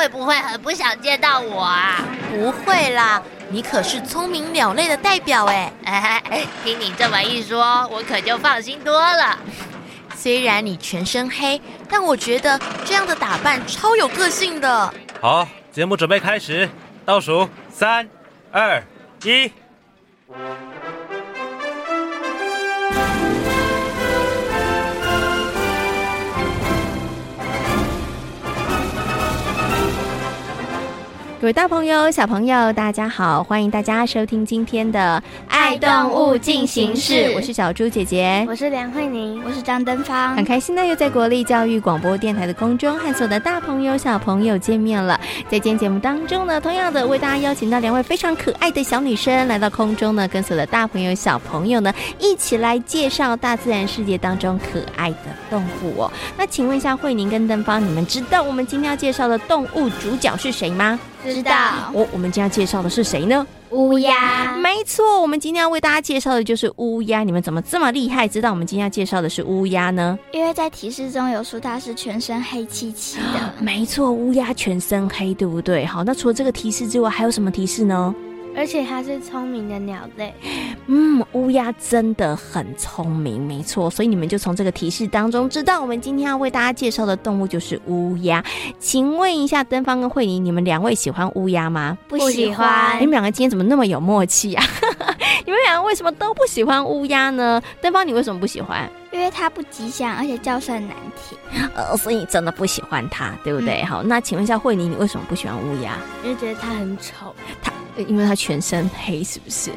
會不會很不想見到我啊？不會啦，你可是聰明鳥類的代表哎！哎，聽你這麼一說，我可就放心多了。雖然你全身黑，但我覺得這樣的打扮超有個性的。好，節目準備開始，倒數三、二、一。各位大朋友、小朋友，大家好！歡迎大家收聽今天的 i 動物進行式，我是小豬姐姐，我是梁慧寧，我是張登芳。很開心呢，又在國立教育廣播電臺的空中和所有的大朋友、小朋友見面了。在今天節目當中呢，同樣的為大家邀請到兩位非常可愛的小女生來到空中呢，跟所有的大朋友、小朋友呢一起來介紹大自然世界當中可愛的動物哦。那請問一下慧寧跟登芳，你們知道我們今天要介紹的動物主角是誰嗎？知道。哦，我們今天要介紹的是誰呢？烏鴉，沒錯，我們今天要為大家介紹的就是烏鴉。你們怎麼這麼厲害，知道我們今天要介紹的是烏鴉呢？因為在提示中有說它是全身黑漆漆的。沒錯，烏鴉全身黑，對不對？好，那除了這個提示之外，還有什麼提示呢？而且它是聰明的鳥類，嗯，烏鴉真的很聰明，沒錯。所以你們就從這個提示當中知道，我們今天要為大家介紹的動物就是烏鴉。請問一下，登芳跟慧妮，你們兩位喜歡烏鴉嗎？不喜歡。你們兩個今天怎麼那麼有默契呀、啊？ 你們兩個為什麼都不喜歡烏鴉呢？登芳，你為什麼不喜歡？因為它不吉祥，而且叫聲難聽。呃，所以你真的不喜歡它，對不對？嗯、好，那請問一下慧妮，你為什麼不喜歡烏鴉？因為覺得它很醜。它。因為他全身黑，是不是？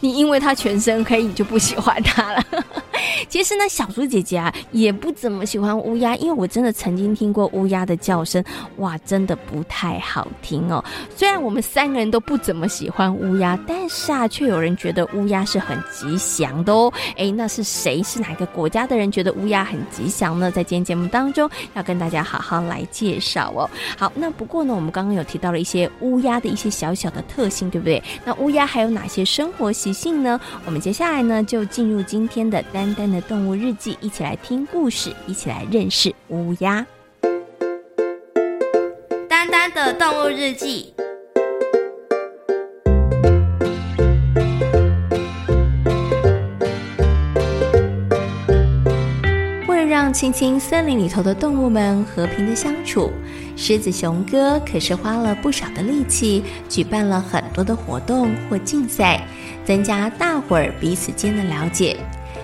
你因為他全身黑，你就不喜歡他了？ 其實呢，小豬姐姐啊，也不怎麼喜歡烏鴉，因為我真的曾經聽過烏鴉的叫聲，哇，真的不太好聽哦。雖然我們三個人都不怎麼喜歡烏鴉，但是啊，卻有人覺得烏鴉是很吉祥的哦。哎，那是誰？是哪個國家的人覺得烏鴉很吉祥呢？在今天節目當中，要跟大家好好來介紹哦。好，那不過呢，我們剛剛有提到了一些烏鴉的一些小小的特性。對不對？那烏鴉還有哪些生活習性呢？我們接下來呢，就進入今天的丹丹的動物日記，一起來聽故事，一起來認識烏鴉。丹丹的動物日記。青青森林裡頭的動物們和平的相處，獅子熊哥可是花了不少的力氣，舉辦了很多的活動或競賽，增加大夥兒彼此間的了解。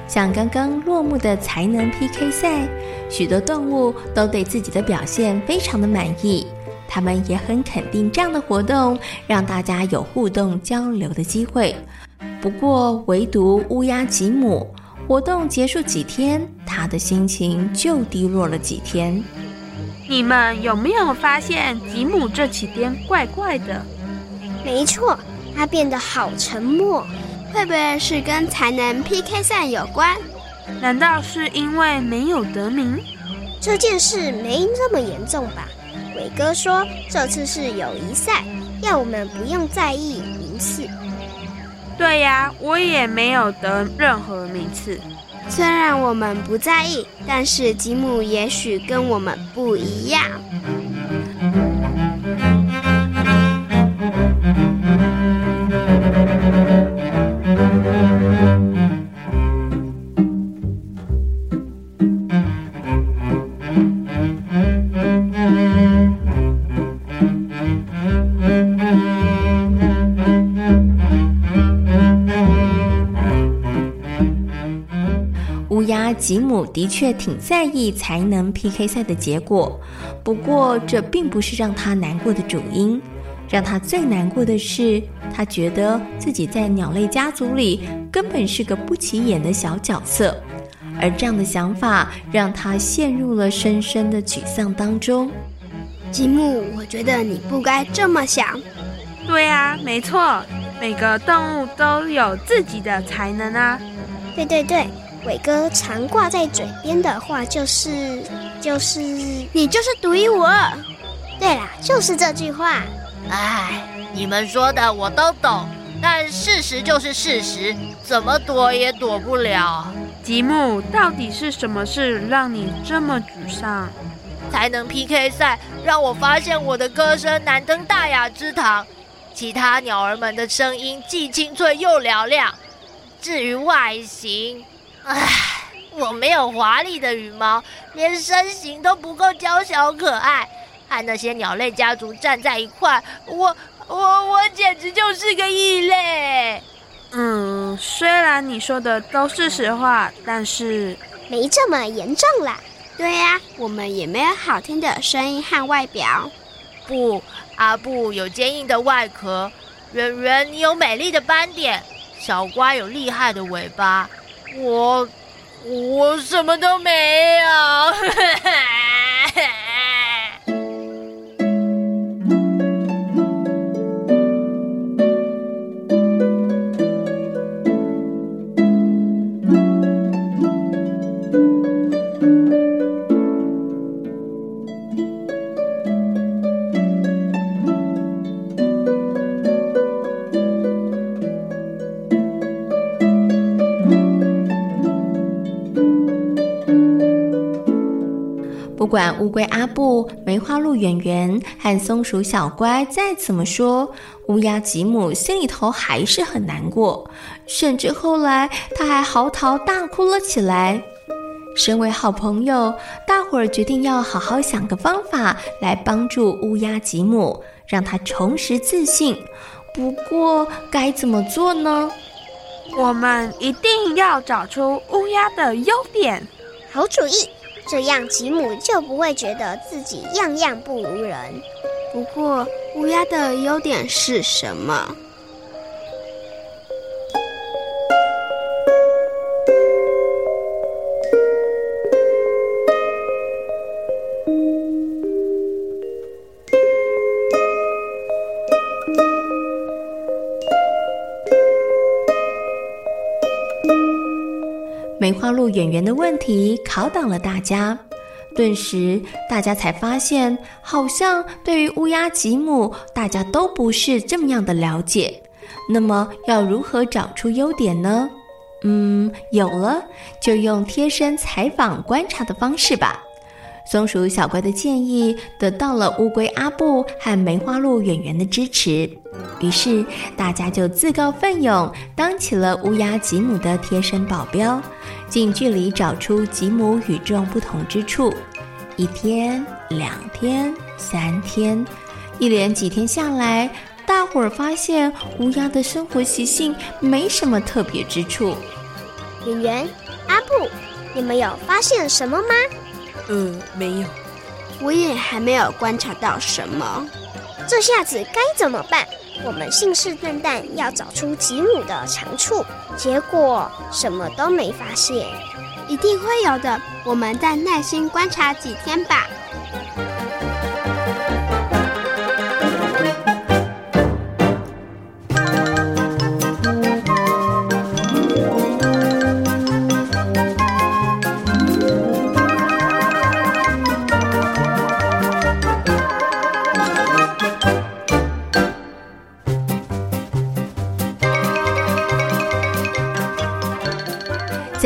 像剛剛落幕的才能 PK 賽，許多動物都對自己的表現非常的滿意，他們也很肯定這樣的活動讓大家有互動交流的機會。不過，唯獨烏鴉吉姆。活動結束幾天，他的心情就低落了幾天。你們有沒有發現吉姆這幾天怪怪的？沒錯，他變得好沉默。會不會是跟才能 PK 賽有關？難道是因為沒有得名？這件事沒那麼嚴重吧？偉哥說這次是友誼賽，要我們不用在意名次。對呀，我也沒有得任何名次。雖然我們不在意，但是吉姆也許跟我們不一樣。吉姆的確挺在意才能 PK 賽的結果，不過這並不是讓他難過的主因。讓他最難過的是，他覺得自己在鳥類家族裡根本是個不起眼的小角色，而這樣的想法讓他陷入了深深的沮喪當中。吉姆，我覺得你不該這麼想。對啊，沒錯，每個動物都有自己的才能啊。對對對。偉哥常掛在嘴邊的話就是，就是你就是獨一無二。對啦，就是這句話。哎，你們說的我都懂，但事實就是事實，怎麼躲也躲不了。吉姆，到底是什麼事讓你這麼沮喪？才能 PK 賽讓我發現我的歌聲難登大雅之堂，其他鳥兒們的聲音既清脆又嘹亮。至於外形。哎，我沒有華麗的羽毛，連身形都不夠嬌小可愛，和那些鳥類家族站在一塊，我我我簡直就是個異類。嗯，雖然你說的都是實話，但是沒這麼嚴重啦。對呀、啊，我們也沒有好聽的聲音和外表。不，阿布有堅硬的外殼，圓圓你有美麗的斑點，小瓜有厲害的尾巴。我，我什麼都沒有。 不管烏龜阿布、梅花鹿圓圓和松鼠小乖再怎麼說，烏鴉吉姆心裡頭還是很難過，甚至後來他還嚎啕大哭了起來。身為好朋友，大夥兒決定要好好想個方法來幫助烏鴉吉姆，讓他重拾自信。不過，該怎麼做呢？我們一定要找出烏鴉的優點。好主意。這樣，吉姆就不會覺得自己樣樣不如人。不過，烏鴉的優點是什麼？梅花鹿演員的問題考倒了大家，頓時大家才發現，好像對於烏鴉吉姆，大家都不是這麼樣的了解。那麼要如何找出優點呢？嗯，有了，就用貼身採訪、觀察的方式吧。松鼠小乖的建議得到了烏龜阿布和梅花鹿圓圓的支持，於是大家就自告奮勇當起了烏鴉吉姆的貼身保鏢，近距離找出吉姆與眾不同之處。一天、兩天、三天，一連幾天下來，大夥兒發現烏鴉的生活習性沒什麼特別之處。圓圓阿布，你們有發現什麼嗎？嗯，沒有，我也還沒有觀察到什麼。這下子該怎麼辦？我們信誓旦旦要找出吉姆的長處，結果什麼都沒發現。一定會有的，我們再耐心觀察幾天吧。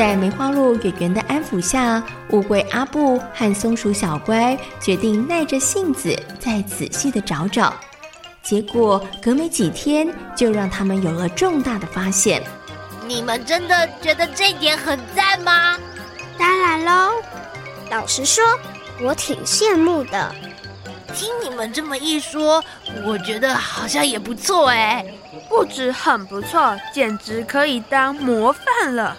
在梅花鹿圓圓的安撫下，烏龜阿布和松鼠小乖決定耐着性子再仔細的找找。結果隔沒幾天，就讓他們有了重大的發現。你們真的覺得這點很讚嗎？當然嘍。老實說，我挺羨慕的。聽你們這麼一說，我覺得好像也不錯哎。不止很不錯，簡直可以當模範了。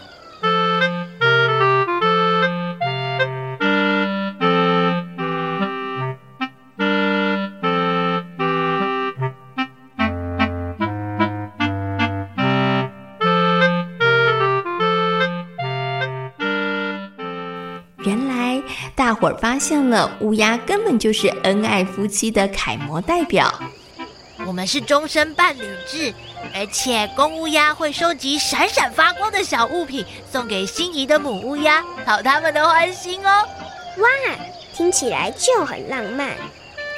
我發現了烏鴉根本就是恩愛夫妻的楷模代表。我們是終身伴侶制，而且公烏鴉會收集閃閃發光的小物品送給心儀的母烏鴉，討他們的歡心哦。哇，聽起來就很浪漫。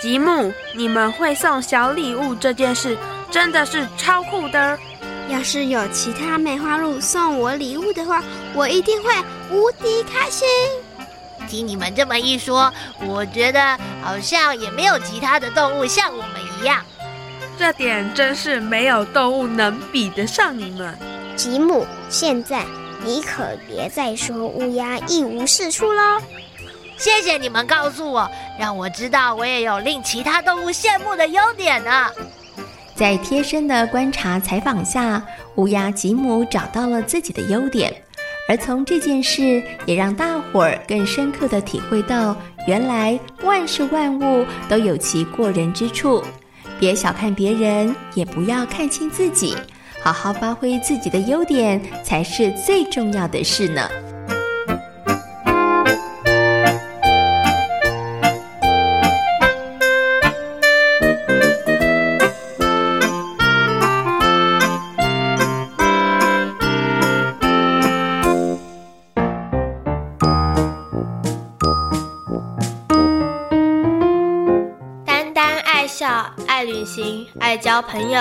吉姆，你們會送小禮物這件事真的是超酷的。要是有其他梅花鹿送我禮物的話，我一定會無敵開心。聽你們這麼一說，我覺得好像也沒有其他的動物像我們一樣。這點真是沒有動物能比得上你們。吉姆，現在你可別再說烏鴉一無是處嘍。謝謝你們告訴我，讓我知道我也有令其他動物羨慕的優點呢、啊。在貼身的觀察採訪下，烏鴉吉姆找到了自己的優點。而從這件事，也讓大伙兒更深刻地體會到，原來萬事萬物都有其過人之處，別小看別人，也不要看輕自己，好好發揮自己的優點，才是最重要的事呢。行，愛交朋友。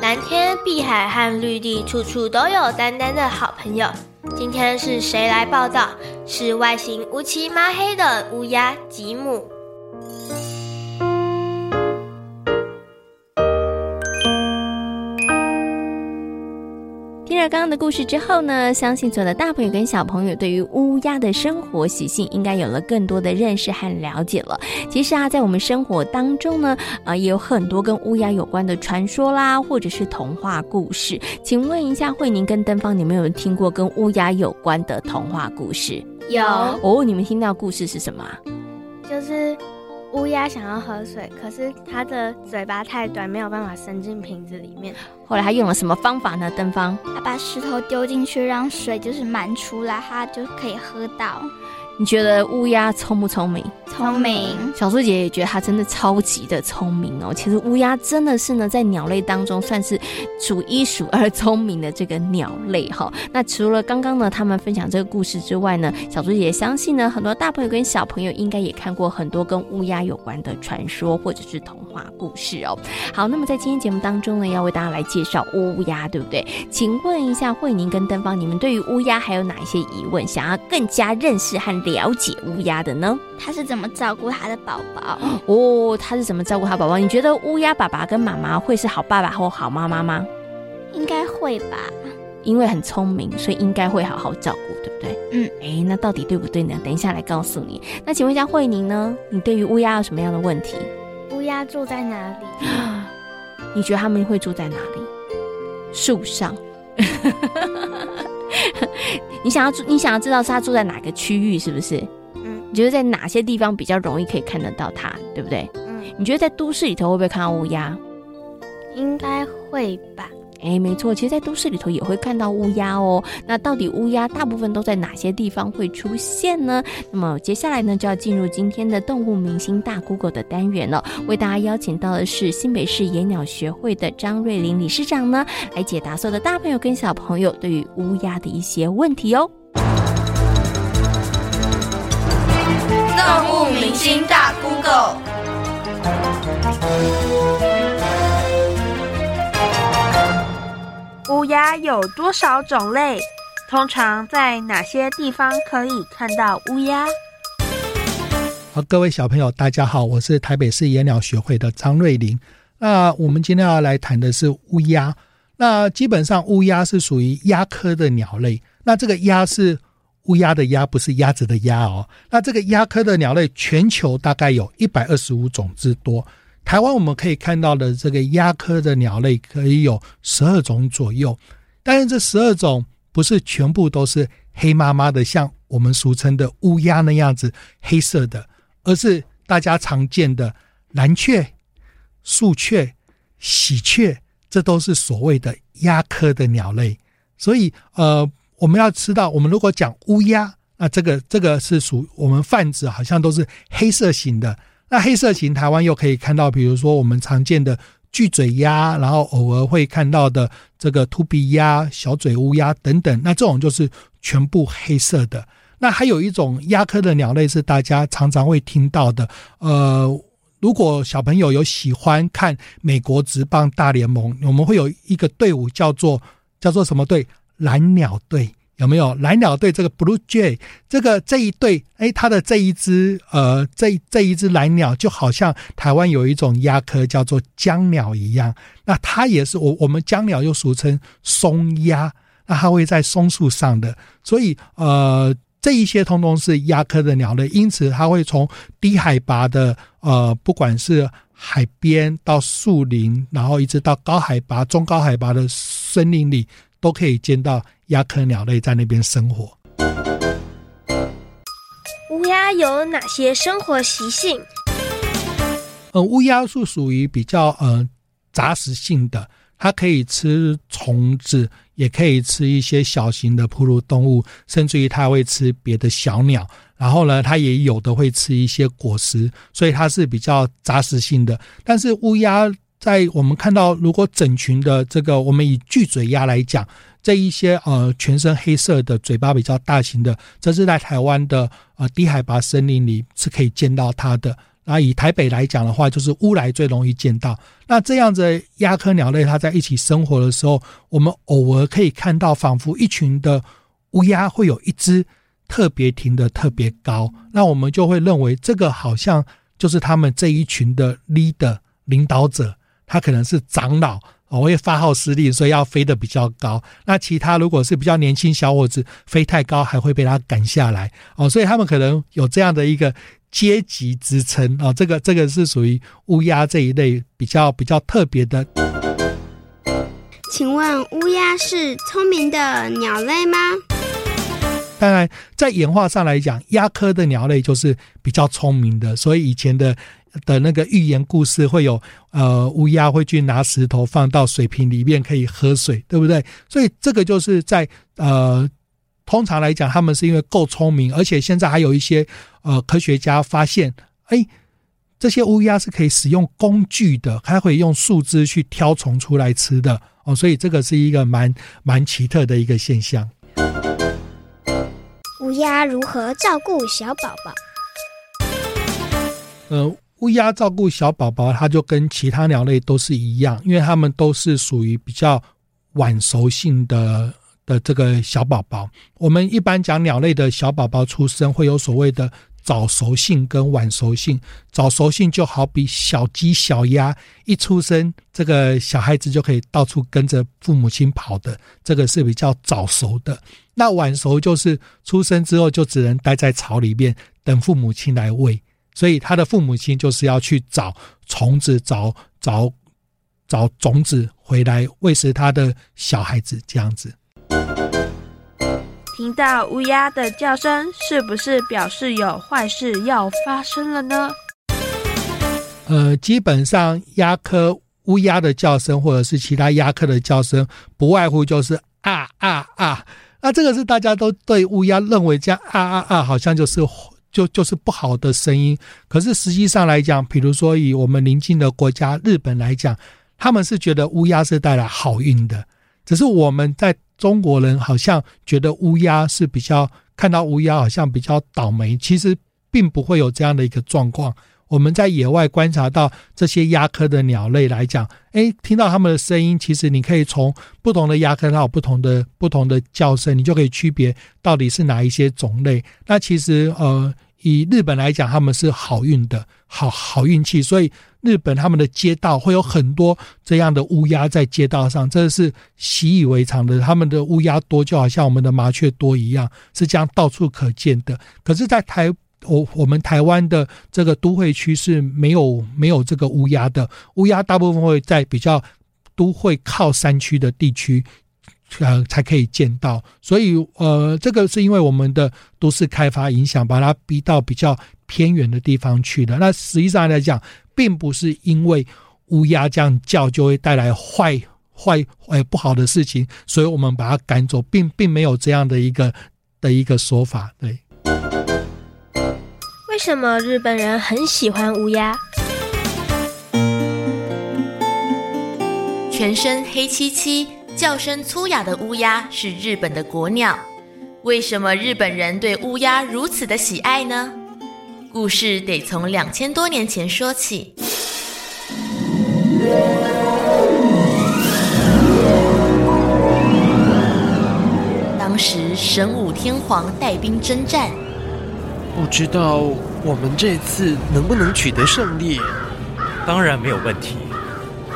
藍天、碧海和綠地，處處都有丹丹的好朋友。今天是誰來報到？是外型烏漆抹黑的烏鴉吉姆。在剛剛的故事之後呢，相信所有的大朋友跟小朋友對於烏鴉的生活習性應該有了更多的認識和了解了。其實啊，在我們生活當中呢，啊、呃，也有很多跟烏鴉有關的傳說啦，或者是童話故事。請問一下，慧寧跟登芳，你們有沒有聽過跟烏鴉有關的童話故事？有。哦，你們聽到故事是什麼？就是。烏鴉想要喝水，可是它的嘴巴太短，沒有辦法伸進瓶子裡面。後來他用了什麼方法呢？燈方，他把石頭丟進去，讓水就是滿出來，他就可以喝到。你覺得烏鴉聰不聰明？聰明，小豬姐也覺得她真的超級的聰明哦、喔。其實烏鴉真的是呢，在鳥類當中算是數一數二聰明的這個鳥類哈、喔。那除了剛剛呢，他們分享這個故事之外呢，小豬姐也相信呢，很多大朋友跟小朋友應該也看過很多跟烏鴉有關的傳說或者是童話故事哦、喔。好，那麼在今天節目當中呢，要為大家來介紹烏鴉，對不對？請問一下慧寧跟登芳，你們對於烏鴉還有哪一些疑問，想要更加認識和了解烏鴉的呢？他是怎麼照顧他的寶寶哦，他是怎麼照顧他寶寶？你覺得烏鴉爸爸跟媽媽會是好爸爸或好媽媽嗎？應該會吧，因為很聰明，所以應該會好好照顧，對不對？嗯，誒，那到底對不對呢？等一下來告訴你。那請問一下慧寧呢？你對於烏鴉有什麼樣的問題？烏鴉住在哪裡？你覺得他們會住在哪裡？樹上？ 你想要住？你想要知道是他住在哪個區域，是不是？你覺得在哪些地方比較容易可以看得到它，對不對？嗯，你覺得在都市裡頭會不會看到烏鴉？應該會吧。哎，沒錯，其實，在都市裡頭也會看到烏鴉哦。那到底烏鴉大部分都在哪些地方會出現呢？那麼接下來呢，就要進入今天的動物明星大 Google 的單元了。為大家邀請到的是新北市野鳥學會的張瑞麟理事長呢，來解答所有的大朋友跟小朋友對於烏鴉的一些問題哦。動物明星大 Google，烏鴉有多少種類？通常在哪些地方可以看到烏鴉？好，各位小朋友，大家好，我是台北市野鳥學會的張瑞玲張瑞麟。那我們今天要來談的是烏鴉。那基本上烏鴉是屬於鴉科的鳥類。那這個鴉是。烏鴉的“鴉”不是鴨子的“鴨”哦！那這個鴉科的鳥類，全球大概有一百二十五種之多。台灣我們可以看到的這個鴉科的鳥類，可以有十二種左右。但是這十二種不是全部都是黑麻麻的，像我們俗稱的烏鴉那樣子黑色的，而是大家常見的藍鵲、樹鵲、喜鵲，這都是所謂的鴉科的鳥類。所以，呃。我們要知道，我們如果講烏鴉，那這個這個是屬於我們泛指，好像都是黑色型的。那黑色型，台灣又可以看到，比如說我們常見的巨嘴鴉，然後偶爾會看到的這個禿鼻鴉、小嘴烏鴉等等。那這種就是全部黑色的。那還有一種鴉科的鳥類是大家常常會聽到的。呃，如果小朋友有喜歡看美國職棒大聯盟，我們會有一個隊伍叫做叫做什麼隊？藍鳥隊，有沒有藍鳥隊？有有鳥隊，這個 Blue Jay，這個這一隊，哎，它的這一隻呃，這這一隻藍鳥，就好像台灣有一種鴉科叫做橿鳥一樣。那它也是我我們橿鳥又俗稱松鴉，那它會在松樹上的。所以呃，這一些通通是鴉科的鳥類，因此它會從低海拔的呃，不管是海邊到樹林，然後一直到高海拔、中高海拔的森林裡。都可以見到鴉科鳥類在那邊生活。嗯。烏鴉有哪些生活習性？呃，烏鴉是屬於比較呃雜食性的，它可以吃蟲子，也可以吃一些小型的哺乳動物，甚至於它會吃別的小鳥。然後呢，它也有的會吃一些果實，所以它是比較雜食性的。但是烏鴉。在我們看到，如果整群的這個，我們以巨嘴鴉來講，這一些呃全身黑色的、嘴巴比較大型的，這是在台灣的呃低海拔森林裡是可以見到它的。那以台北來講的話，就是烏來最容易見到。那這樣子鴉科鳥類它在一起生活的時候，我們偶爾可以看到，仿佛一群的烏鴉會有一隻特別停得特別高，那我們就會認為這個好像就是他們這一群的 leader 領導者。他可能是長老，我、哦、也會發號施令，所以要飛得比較高。那其他如果是比較年輕小伙子，飛太高還會被他趕下來，哦，所以他們可能有這樣的一個階級之稱哦，這個這個是屬於烏鴉這一類比較比較，比較特別的。請問烏鴉是聰明的鳥類嗎？當然，在演化上來講，鴉科的鳥類就是比較聰明的，所以以前的。的那個寓言故事會有，呃，烏鴉會去拿石頭放到水瓶裡面可以喝水，對不對？所以這個就是在呃，通常來講，他們是因為夠聰明，而且現在還有一些呃科學家發現，哎，這些烏鴉是可以使用工具的，還會用樹枝去挑蟲出來吃的哦、呃。所以這個是一個蠻蠻奇特的一個現象。烏鴉如何照顧小寶寶？呃烏鴉照顧小寶寶，它就跟其他鳥類都是一樣，因為它們都是屬於比較晚熟性的的這個小寶寶。我們一般講鳥類的小寶寶出生會有所謂的早熟性跟晚熟性。早熟性就好比小雞、小鴨一出生，這個小孩子就可以到處跟着父母親跑的，這個是比較早熟的。那晚熟就是出生之後就只能待在巢裡面，等父母親來餵。所以他的父母親就是要去找蟲子，找找找種子回來餵食他的小孩子這樣子。聽到烏鴉的叫聲，是不是表示有壞事要發生了呢？呃，基本上鴉科烏鴉的叫聲，或者是其他鴉科的叫聲，不外乎就是啊啊啊！那這個是大家都對烏鴉認為這樣啊啊啊，好像就是。就就是不好的聲音，可是實際上來講，比如說以我們鄰近的國家日本來講，他們是覺得烏鴉是帶來好運的，只是我們在中國人好像覺得烏鴉是比較，看到烏鴉好像比較倒霉，其實並不會有這樣的一個狀況。我們在野外觀察到這些鴉科的鳥類來講，誒，聽到它們的聲音，其實你可以從不同的鴉科它有不同的不同的叫聲，你就可以區別到底是哪一些種類。那其實，呃，以日本來講，他們是好運的，好好運氣，所以日本他們的街道會有很多這樣的烏鴉在街道上，這是習以為常的。他們的烏鴉多，就好像我們的麻雀多一樣，是這樣到處可見的。可是，在台我我們台灣的這個都會區是沒有沒有這個烏鴉的，烏鴉大部分會在比較都會靠山區的地區，呃，才可以見到。所以呃，這個是因為我們的都市開發影響，把它逼到比較偏遠的地方去的。那實際上來講，並不是因為烏鴉這樣叫就會帶來壞壞壞不好的事情，所以我們把它趕走，並並沒有這樣的一個的一個說法，對。為什麼日本人很喜歡烏鴉？全身黑漆漆，叫聲粗啞的烏鴉是日本的國鳥。為什麼日本人對烏鴉如此的喜愛呢？故事得從兩千多年前說起。當時神武天皇帶兵征戰。不知道我們這次能不能取得勝利？當然沒有問題。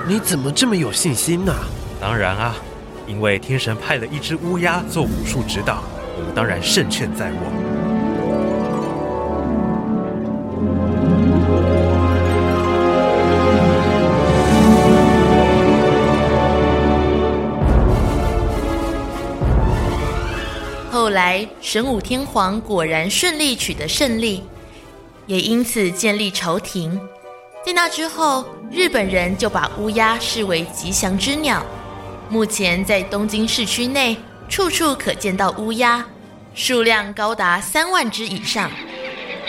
你怎麼這麼有信心呢、啊？當然啊，因為天神派了一隻烏鴉做武術指導，我們當然勝券在握。後來，神武天皇果然順利取得勝利，也因此建立朝廷。在那之後，日本人就把烏鴉視為吉祥之鳥。目前在東京市區內，處處可見到烏鴉，數量高達三萬隻以上。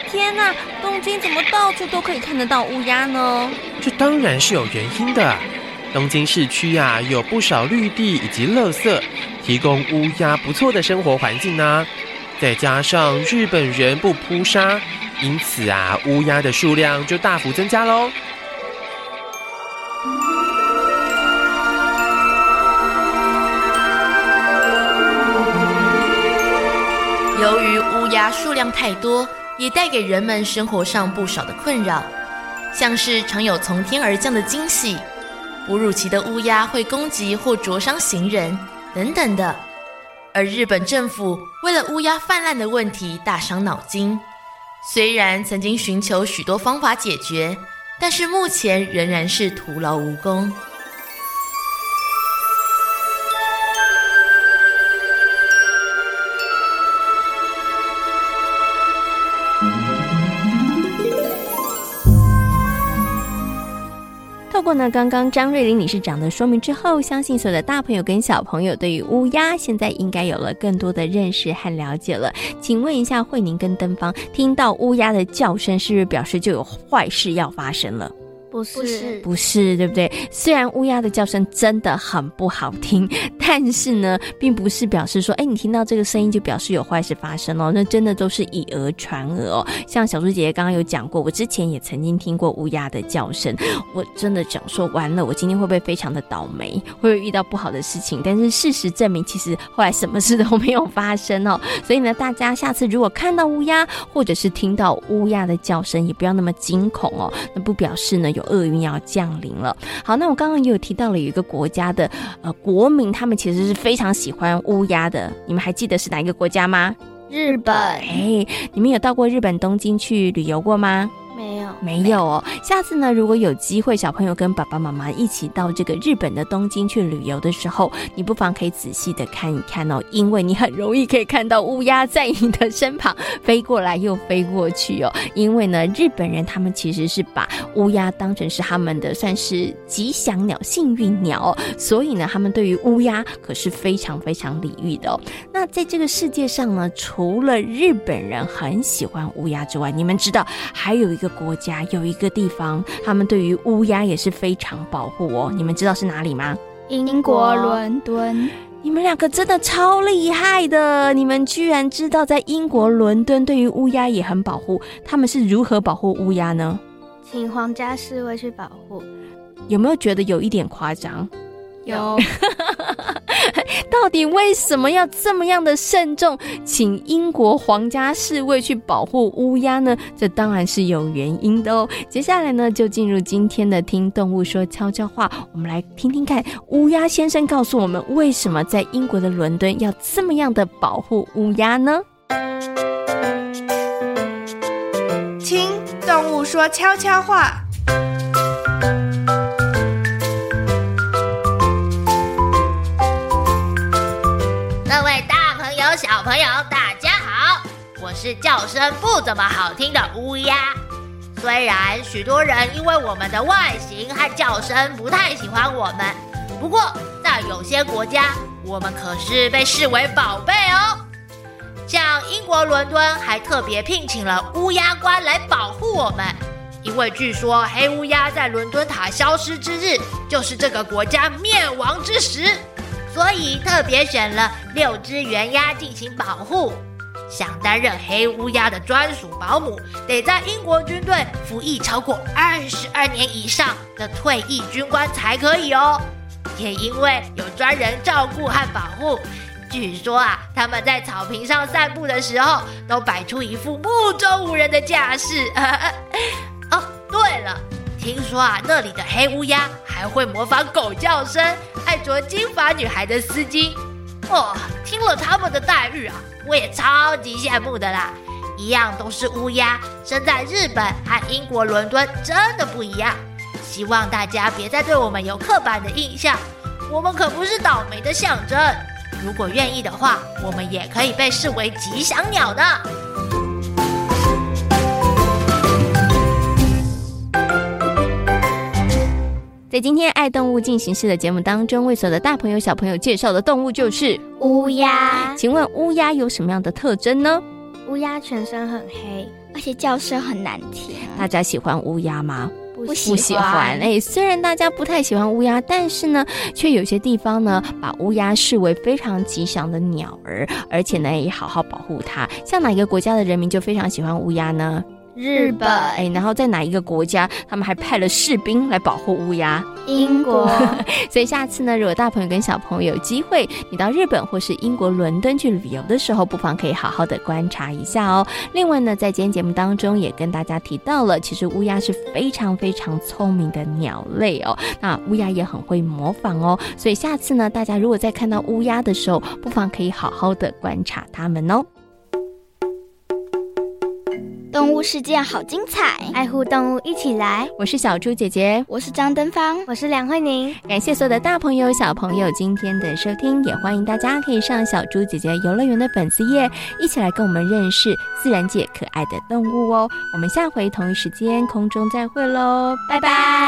天哪，東京怎麼到處都可以看得到烏鴉呢？這當然是有原因的。東京市區呀、啊，有不少綠地以及垃圾，提供烏鴉不錯的生活環境呢、啊。再加上日本人不撲殺，因此啊，烏鴉的數量，就大幅增加嘍。由於烏鴉數量太多，也帶給人們生活上不少的困擾，像是常有從天而降的驚喜。哺乳期的烏鴉會攻擊或灼傷行人，等等的。而日本政府為了烏鴉泛濫的問題大傷腦筋，雖然曾經尋求許多方法解決，但是目前仍然是徒勞無功。那剛剛張瑞麟理事長的說明之後，相信所有的大朋友跟小朋友對於烏鴉現在應該有了更多的認識和了解了。請問一下，慧寧跟登芳，聽到烏鴉的叫聲，是不是表示就有壞事要發生了？不是，不是對不對？雖然烏鴉的叫聲真的很不好聽，但是呢，並不是表示說，哎、欸，你聽到這個聲音就表示有壞事發生哦。那真的都是以訛傳訛哦。像小豬姐姐剛剛有講過，我之前也曾經聽過烏鴉的叫聲，我真的講說完了，我今天會不會非常的倒霉，會不會遇到不好的事情？但是事實證明，其實後來什麼事都沒有發生哦。所以呢，大家下次如果看到烏鴉，或者是聽到烏鴉的叫聲，也不要那麼驚恐哦。那不表示呢厄運要降臨了。好，那我剛剛也有提到了，有一個國家的呃國民，他們其實是非常喜歡烏鴉的。你們還記得是哪一個國家嗎？日本。哎，hey, 你們有到過日本東京去旅遊過嗎？沒有，沒有哦。下次呢，如果有機會，小朋友跟爸爸媽媽一起到這個日本的東京去旅遊的時候，你不妨可以仔細的看一看哦，因為你很容易可以看到烏鴉在你的身旁飛過來又飛過去哦。因為呢，日本人他們其實是把烏鴉當成是他們的算是吉祥鳥、幸運鳥哦，所以呢，他們對於烏鴉可是非常非常禮遇的哦。那在這個世界上呢，除了日本人很喜歡烏鴉之外，你們知道還有一個。國家有一個地方，他們對於烏鴉也是非常保護哦。你們知道是哪裡嗎？英國倫敦。你們兩個真的超厲害的，你們居然知道在英國倫敦對於烏鴉也很保護。他們是如何保護烏鴉呢？請皇家侍衛去保護。有沒有覺得有一點誇張？有。 到底為什麼要這麼樣的慎重，請英國皇家侍衛去保護烏鴉呢？這當然是有原因的哦。接下來呢，就進入今天的《聽動物說悄悄話》，我們來聽聽看烏鴉先生告訴我們，為什麼在英國的倫敦要這麼樣的保護烏鴉呢？聽動物說悄悄話。小朋友，大家好，我是叫聲不怎麼好聽的烏鴉。雖然許多人因為我們的外形和叫聲不太喜歡我們，不過在有些國家，我們可是被視為寶貝哦。像英國倫敦還特別聘請了烏鴉官來保護我們，因為據說黑烏鴉在倫敦塔消失之日，就是這個國家滅亡之時。所以特別選了六隻原鴉，進行保護，想擔任黑烏鴉的專屬保姆，得在英國軍隊服役超過二十二年以上的退役軍官才可以哦。也因為有專人照顧和保護，據說啊，他們在草坪上散步的時候，都擺出一副目中無人的架勢。呵呵哦，對了，聽說啊，那裡的黑烏鴉還會模仿狗叫聲。愛着金髮女孩的絲巾，哦，聽了他們的待遇啊，我也超級羨慕的啦。一樣都是烏鴉，生在日本和英國倫敦真的不一樣。希望大家別再對我們有刻板的印象，我們可不是倒霉的象徵。如果願意的話，我們也可以被視為吉祥鳥的。在今天《i 動物進行式》的節目當中，為所有的大朋友、小朋友介紹的動物就是烏鴉。請問烏鴉有什麼樣的特徵呢？烏鴉全身很黑，而且叫聲很難聽。大家喜歡烏鴉嗎？不喜，不喜歡。哎，雖然大家不太喜歡烏鴉，但是呢，卻有些地方呢，把烏鴉視為非常吉祥的鳥兒，而且呢，也好好保護它。像哪一個國家的人民就非常喜歡烏鴉呢？日本，哎，然後在哪一個國家，他們還派了士兵來保護烏鴉？英國。 所以下次呢，如果大朋友跟小朋友有機會，你到日本或是英國倫敦去旅遊的時候，不妨可以好好的觀察一下哦。另外呢，在今天節目當中也跟大家提到了，其實烏鴉是非常非常聰明的鳥類哦。那烏鴉也很會模仿哦，所以下次呢，大家如果在看到烏鴉的時候，不妨可以好好的觀察它們哦。動物世界好精彩，愛護動物一起來。我是小豬姐姐，我是張登芳，我是梁慧寧。感謝所有的大朋友、小朋友今天的收聽，也歡迎大家可以上小豬姐姐遊樂園的粉絲頁，一起來跟我們認識自然界可愛的動物哦。我們下回同一時間空中再會嘍，拜拜。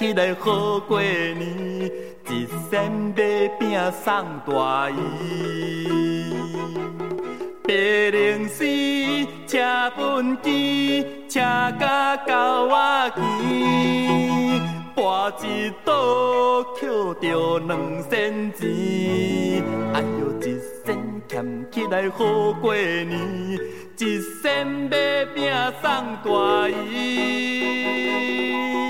起來好過年，一仙買餅送大姨。白龍絲、赤本雞、赤甲狗牙雞，博一賭撿着兩仙錢。哎呦，一仙撿起來好過年，一仙買餅送大姨。